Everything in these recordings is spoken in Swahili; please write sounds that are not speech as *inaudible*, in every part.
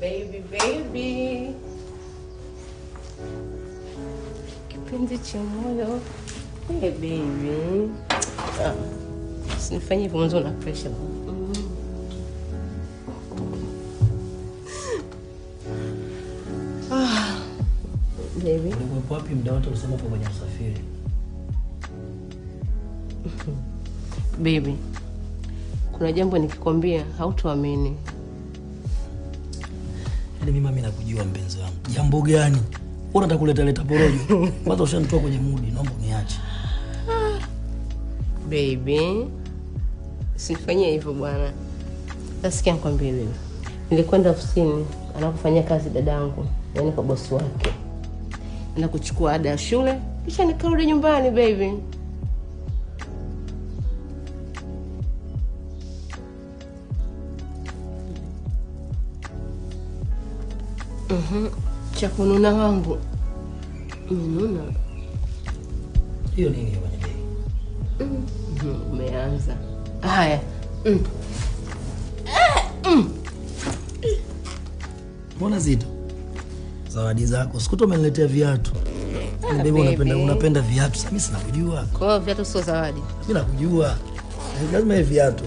baby baby, kipindi cha moyo hey baby, usinifanye ah, hivyo mwanzo, pressure ah, baby. wapi muda wote kwenye usafiri? Baby, kuna jambo nikikwambia hautuamini Yaani mimi mimi nakujua mpenzi wangu. Jambo gani? Unataka kuleta leta porojo. Kwanza ushanitoa kwenye mudi, naomba uniache. Baby, sifanyia hivyo bwana. Nasikia nikwambie wewe. Nilikwenda ofisini anakufanyia kazi dadangu, yani kwa bosi wake. Nakuchukua ada ya shule kisha nikarudi nyumbani baby. mm -hmm. cha kununa wangu ninuna hiyo nini mwenye mm mm-hmm. umeanza haya mm. Eh, mm. mbona zito zawadi zako sikuto umeniletea viatu Bebe, ah, unapenda, unapenda viatu. Sasa mimi sinakujua. Kwa viatu sio zawadi. Mimi nakujua. Lazima viatu.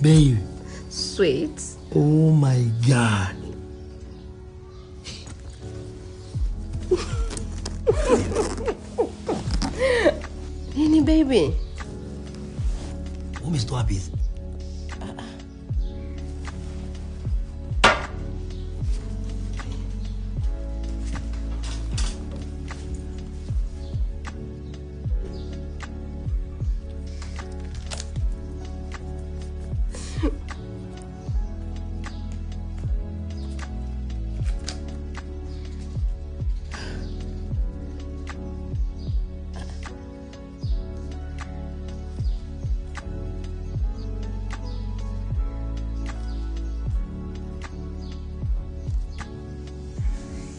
Baby. Sweet. Oh my God. Penny, baby. Whom is Dwabis?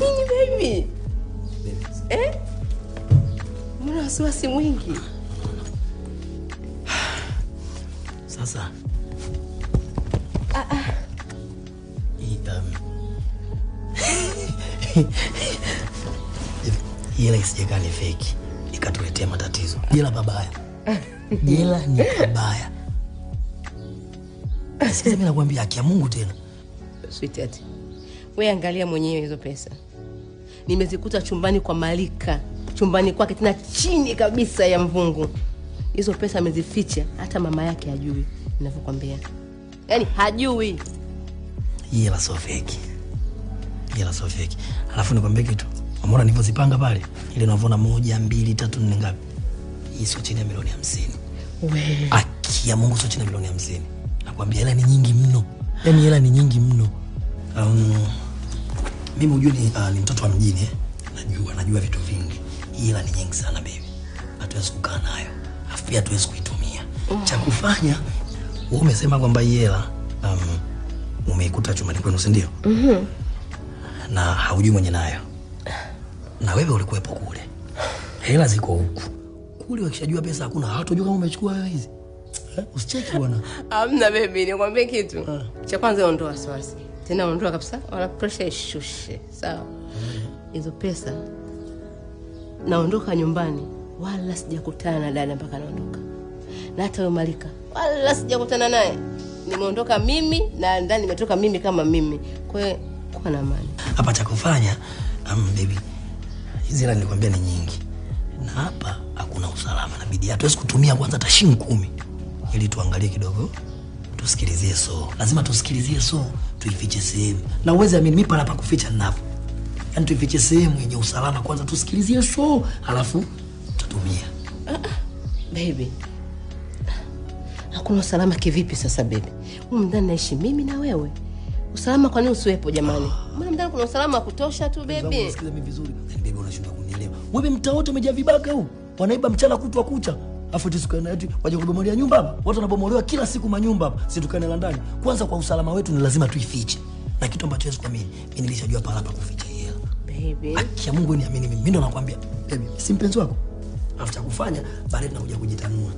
nini baby? Eh? eh? Mbona wasiwasi mwingi? Sasa ah, ah. Jela um, isijekaa ni feki ikatuletea matatizo. Jela babaya, jela ni babaya. Sikiza, mimi nakwambia, haki Mungu tena sweetheart We angalia mwenyewe hizo pesa, nimezikuta chumbani kwa Malika, chumbani kwake, tena chini kabisa ya mvungu. Hizo pesa amezificha, hata mama yake hajui, navyokwambia Yaani hajui hela sio feki, hela Alafu nikwambie kitu, umeona nilivyozipanga pale, ile unavyoona moja, mbili, tatu, nne, ngapi? Hii sio chini ya milioni hamsini. We aki Mungu, sio chini ya milioni hamsini. Nakwambia hela ni nyingi mno, yaani hela ni nyingi mno um, mimi hujue ni, uh, ni mtoto wa mjini eh? Najua, najua vitu vingi, ila ni nyingi sana baby, hatuwezi kukaa nayo, afu pia hatuwezi kuitumia mm. Cha kufanya wewe umesema kwamba hii hela um, umeikuta chumani kwenu, si ndio? mm -hmm. na haujui mwenye nayo, na wewe ulikuwepo kule, hela ziko huku kule, wakishajua pesa hakuna, hawatojua kama umechukua hizi. Eh, usicheki bwana. Hamna baby, nikwambie kitu ha. Ah. Cha kwanza ondoa wasiwasi tena ondoa kabisa, wala presha ishushe, sawa. Hizo pesa naondoka nyumbani, wala sijakutana na dada mpaka naondoka, na hata wewe Malika wala sijakutana naye. Nimeondoka mimi na ndani nimetoka mimi kama mimi. Kwa hiyo kuwa na amani hapa. Cha kufanya um, baby, hizi hela nilikwambia ni nyingi, na hapa hakuna usalama, nabidi hatuwezi kutumia kwanza tashin kumi, ili tuangalie kidogo, tusikilizie so, lazima tusikilizie so tuifiche sehemu, na uweze amini, mimi pana pa kuficha ninapo. Yaani tuifiche sehemu yenye usalama kwanza, tusikilizie so halafu tutumia. Uh, ah, baby hakuna usalama kivipi? Sasa baby, huko naishi mimi na wewe, usalama kwa nini usiwepo jamani? Ah, mbona kuna usalama wa kutosha tu baby. Unasikiza vizuri? Baby, unashindwa kunielewa wewe, mtaa wote umejaa vibaka huu, wanaiba mchana kutwa kucha afu tusikane eti waje kubomolea nyumba hapa. Watu wanabomolewa kila siku manyumba hapa, si tukane la ndani. Kwanza kwa usalama wetu ni lazima tuifiche, na kitu ambacho Yesu kamili, mimi nilishajua pala hapa kuficha hiyo Baby, akia Mungu niamini mimi, mimi ndo nakwambia baby, si mpenzi wako afuta kufanya baadaye tunakuja kujitanua.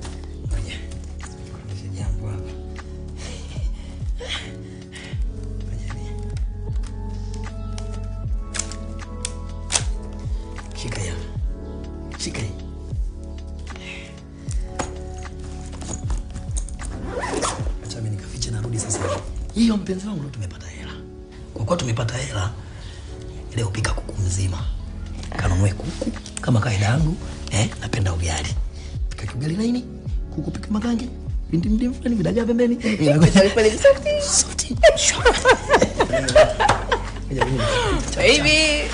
mpenzi wangu leo tumepata hela. Kwa kuwa tumepata hela, leo pika kuku mzima, kanunue kuku kama kaida yangu eh, napenda ugali, pika kiugali na nini, kuku pika makange vindimdim fulani vidagaa pembeni hivi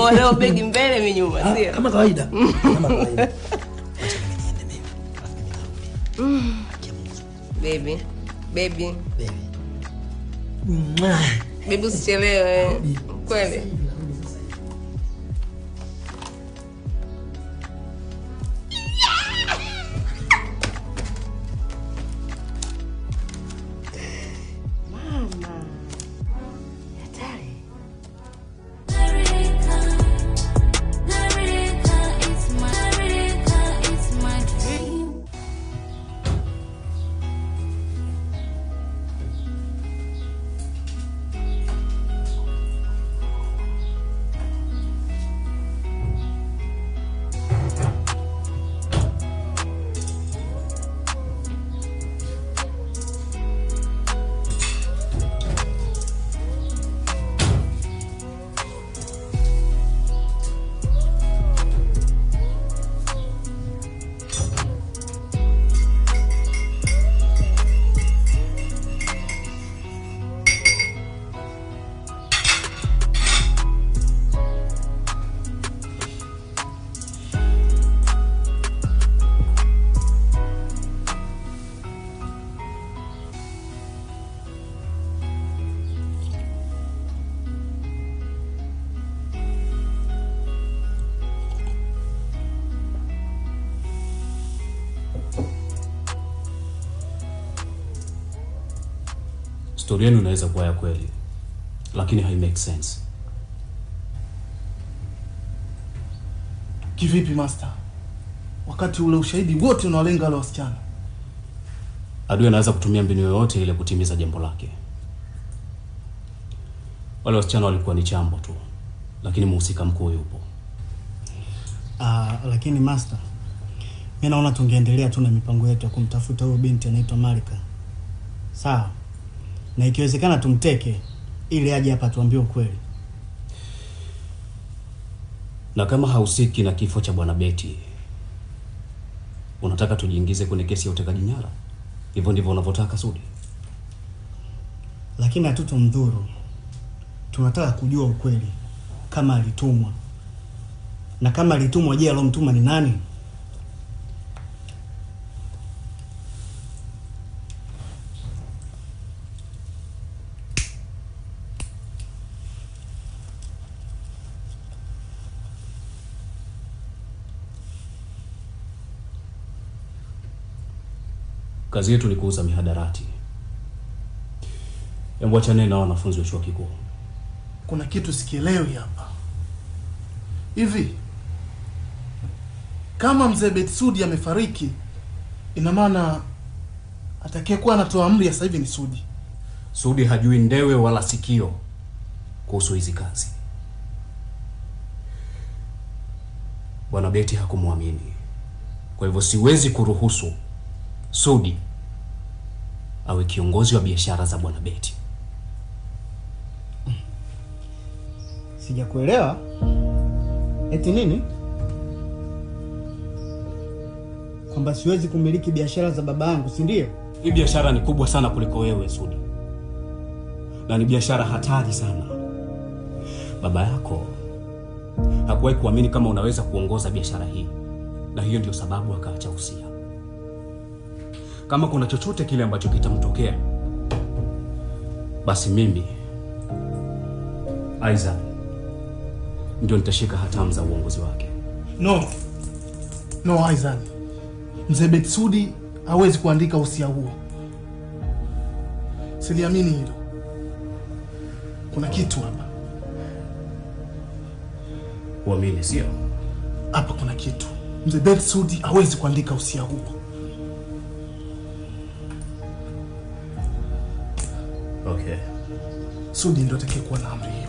*laughs* leo begi mbele mi nyuma, ah, sio kama kawaida, *laughs* baby. Baby. Baby. Baby usichelewe. Kweli. historia yenu inaweza kuwa ya kweli, lakini hai make sense. Kivipi master? Wakati ule ushahidi wote unawalenga wale wasichana. Adui anaweza kutumia mbinu yoyote ile kutimiza jambo lake. Wale wasichana walikuwa ni chambo tu, lakini mhusika mkuu yupo. Uh, lakini master, mimi naona tungeendelea tu na mipango yetu ya kumtafuta huyo binti anaitwa Malika, sawa? na ikiwezekana tumteke ili aje hapa tuambie ukweli. Na kama hausiki na kifo cha bwana Beti, unataka tujiingize kwenye kesi ya utekaji nyara? Hivyo ndivyo unavyotaka Sudi? Lakini hatutomdhuru, tunataka kujua ukweli, kama alitumwa na kama alitumwa, je, alomtuma ni nani? Kazi yetu ni kuuza mihadarati. Hebu achane na wanafunzi wa chuo kikuu. Kuna kitu sikielewi hapa. Hivi kama mzee Betsudi amefariki, ina maana atakayekuwa anatoa amri sasa hivi ni Sudi. Sudi hajui ndewe wala sikio kuhusu hizi kazi. Bwana Beti hakumwamini, kwa hivyo siwezi kuruhusu Sudi awe kiongozi wa biashara za Bwana Beti. Sijakuelewa. Eti nini? Kwamba siwezi kumiliki biashara za baba yangu, si ndio? Hii biashara ni kubwa sana kuliko wewe Sudi, na ni biashara hatari sana. Baba yako hakuwahi kuamini kama unaweza kuongoza biashara hii, na hiyo ndio sababu akaacha usia kama kuna chochote kile ambacho kitamtokea, basi mimi Aiza ndio nitashika hatamu za uongozi wake. No, no aiza mzee Betsudi hawezi kuandika usia huo. Siliamini hilo. Kuna kitu hapa. Uamini sio? Hapa kuna kitu. Mzee Betsudi hawezi kuandika usia huo. Okay. Sudi ndio atakayekuwa na amri hiyo.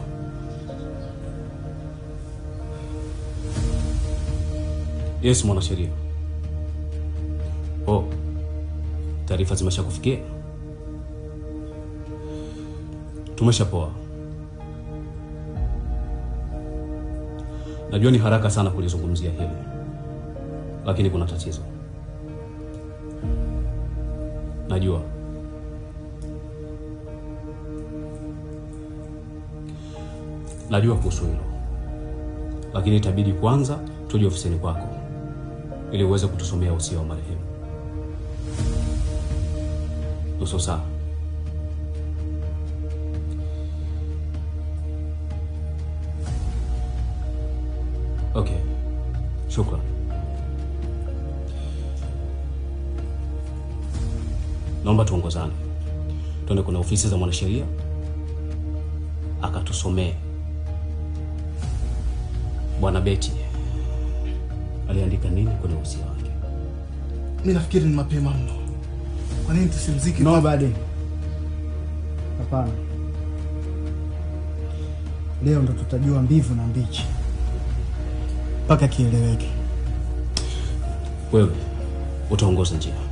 Yes, mwanasheria. Oh, taarifa zimeshakufikia? Tumeshapoa. Najua ni haraka sana kulizungumzia hili, lakini kuna tatizo. Najua najua kuhusu hilo, lakini itabidi kwanza tuje ofisini kwako ili uweze kutusomea usia wa marehemu. Nusu saa. Okay, shukran. Naomba tuongozane, tuende kuna ofisi za mwanasheria akatusomee Bwana Beti aliandika nini kwenye usia wake? Mimi nafikiri ni mapema mno. Kwa nini tusimziki No, baadaye. Hapana, leo ndo tutajua mbivu na mbichi mpaka kieleweke. Wewe utaongoza njia.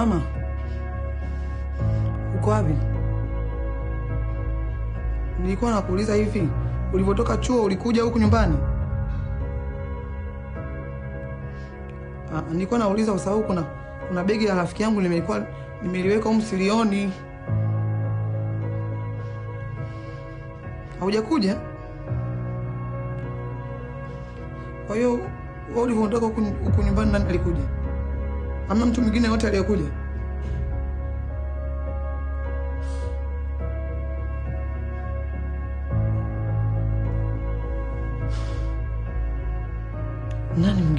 Mama, uko wapi? Nilikuwa nakuuliza hivi, ulivyotoka chuo ulikuja huku nyumbani? Ah, nilikuwa nauliza kwa sababu kuna kuna begi la rafiki yangu limelikuwa nimeliweka huko msilioni. Haujakuja? Kwa hiyo wewe ulivyotoka huku nyumbani nani alikuja? Hamna mtu mwingine yote aliyokuja? Nani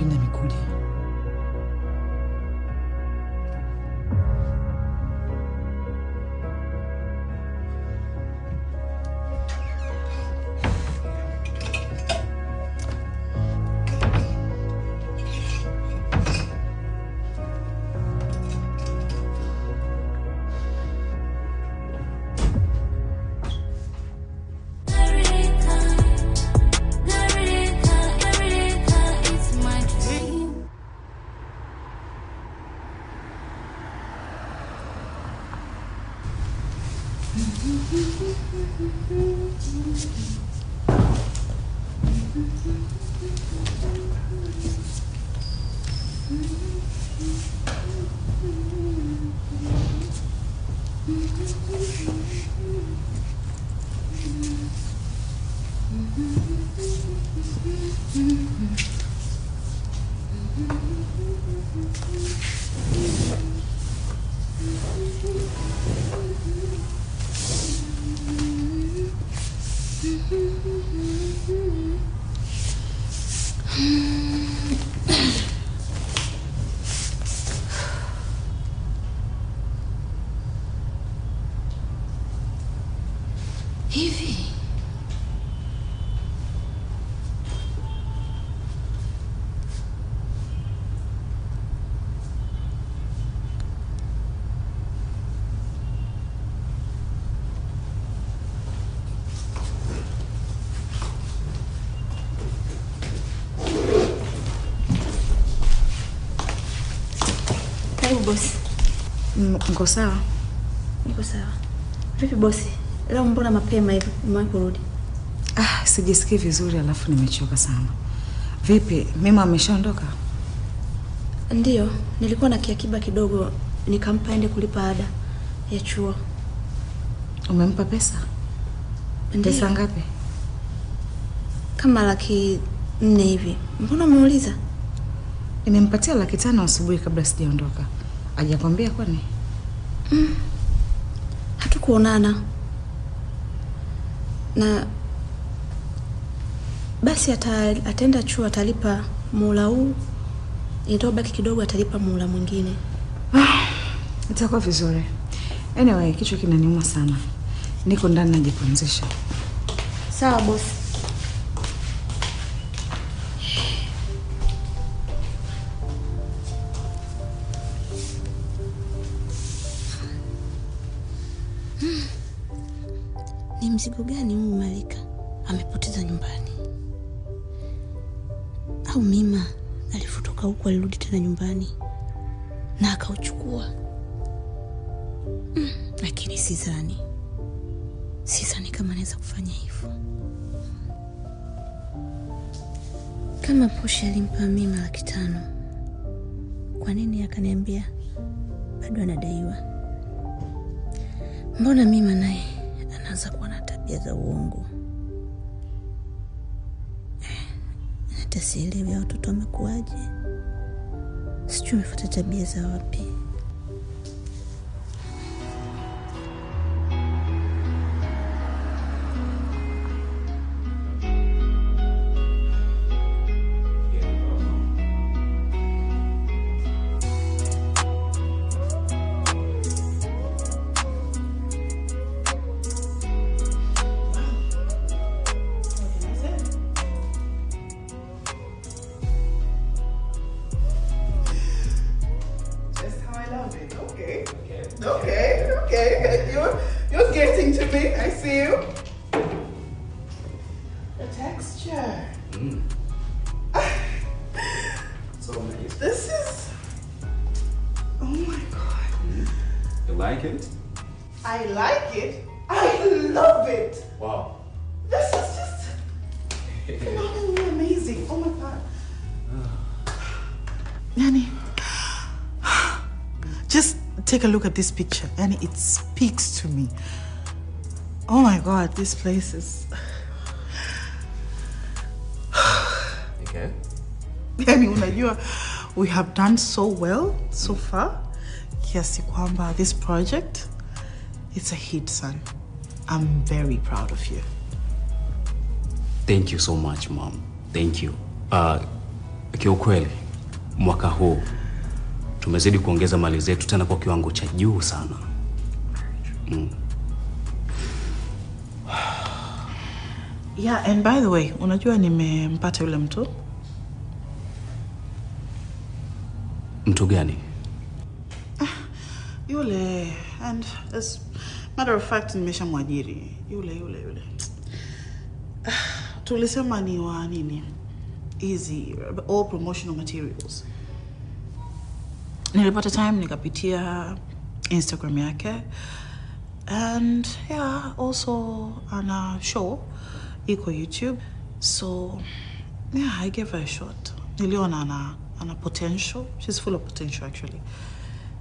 Thank you. Niko sawa. Niko sawa. Vipi bosi? Leo mbona mapema hivi umewahi kurudi? Ah, sijisikii vizuri alafu nimechoka sana. Vipi, Mema ameshaondoka? ndio nilikuwa na kiakiba kidogo nikampa ende kulipa ada ya chuo. Umempa pesa? Ndiyo. Pesa ngapi? Kama laki nne hivi. Mbona umeuliza? Nimempatia laki tano asubuhi kabla sijaondoka. Hajakwambia kwani? Mm. Hatukuonana na basi ata, ataenda chuo atalipa muhula huu, itobaki kidogo atalipa muhula mwingine. Ah, *sighs* itakuwa vizuri. Anyway, kichwa kinaniuma sana, niko ndani najipumzisha. Sawa bosi. Hmm. Ni mzigo gani huyu Malika amepoteza nyumbani? Au Mima alifutoka huku alirudi tena nyumbani na akauchukua? Hmm. Lakini sidhani, sidhani kama anaweza kufanya hivyo. Kama poshi alimpa Mima laki tano, kwa nini akaniambia bado anadaiwa? Mbona Mima naye anaanza kuwa na tabia za uongo? Eh, hata sielewi watoto wamekuwaje, sijui wamefuata tabia za wapi. You like it? I like it. I love it. Wow. This is just phenomenally amazing. Oh my God. Yanni, just take a look at this picture. Yanni, it speaks to me. Oh my God, this place is... okay. Yanni, Unajua, we have done so well so far. kiasi kwamba this project it's a hit son. I'm very proud of you. Thank you so much mom. Thank you. Uh, kiukweli mwaka huu tumezidi kuongeza mali zetu tena kwa kiwango cha juu sana. Mm. Yeah, and by the way, unajua nimempata yule mtu. Mtu gani? yule, and as matter of fact nimeshamwajiri yule yule yule. Uh, tulisema ni wa nini hizi all promotional materials. Nilipata time nikapitia Instagram yake and yeah, also ana show iko YouTube so yeah, I gave her a shot. Niliona ana ana potential. She's full of potential actually.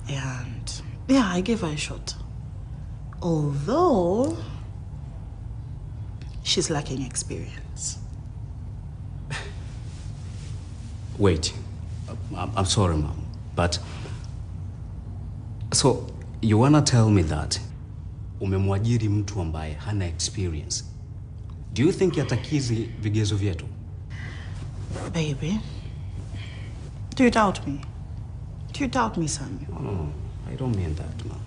And Yeah, I gave her a shot. Although, she's lacking experience. *laughs* Wait. I'm, I'm sorry, ma'am, but... So, you wanna tell me that umemwajiri mtu ambaye hana experience. Do you think yatakizi vigezo vyetu? Baby, do you doubt me? Do you doubt me, son Oh. Mm. I don't mean that, mom.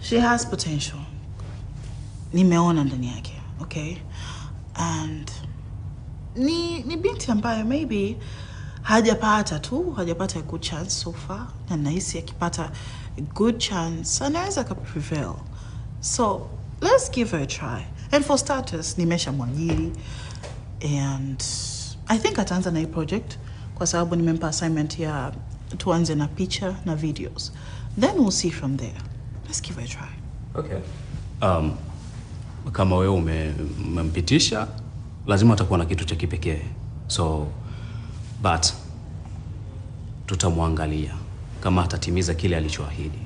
She has potential. Nimeona ndani yake, okay? And ni, ni binti ambayo maybe hajapata tu, hajapata a good chance so far, na nahisi akipata a good chance anaweza prevail. So let's give her a try. And for starters, nimesha mwajiri and I think ataanza na hii project kwa sababu nimempa assignment ya tuanze na picha na videos then we'll see from there let's give it a try okay um, kama wewe umempitisha lazima atakuwa na kitu cha kipekee so but tutamwangalia kama atatimiza kile alichoahidi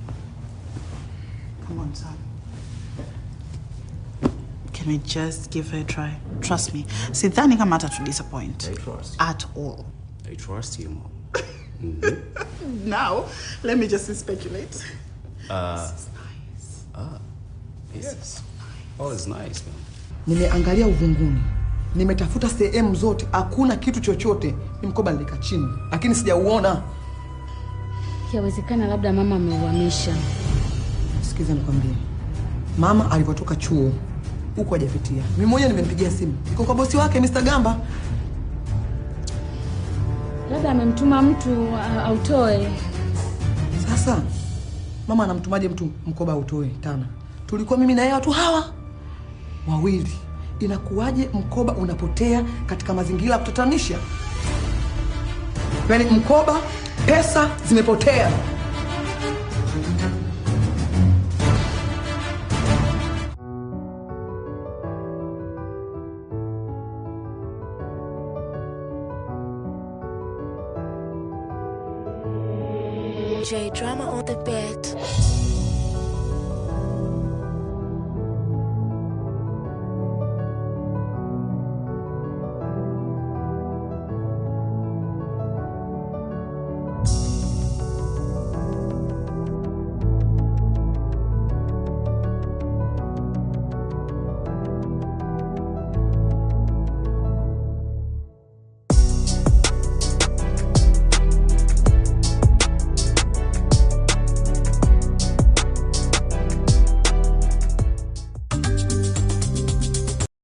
come on son can we just give her a try trust me sidhani kama atatu disappoint I trust you. at all I trust you mom Mm-hmm. *laughs* now, let me just speculate. Uh, this is nice. Ah, this yes. is so nice. All oh, is nice, man. Nimeangalia uvunguni. Nimetafuta sehemu zote, hakuna kitu chochote. Ni mkoba nilika chini, lakini sijauona. Yawezekana labda mama ameuhamisha. Sikiza nikwambie, mama alivyotoka chuo huko hajapitia. Mimi mmoja nimempigia simu, iko kwa bosi wake Mr. Gamba, labda amemtuma mtu uh, autoe. Sasa mama anamtumaje mtu mkoba autoe tana? Tulikuwa mimi na yeye watu hawa wawili, inakuwaje mkoba unapotea katika mazingira ya kutatanisha? Yaani mkoba, pesa zimepotea. DJ Drama on the beat.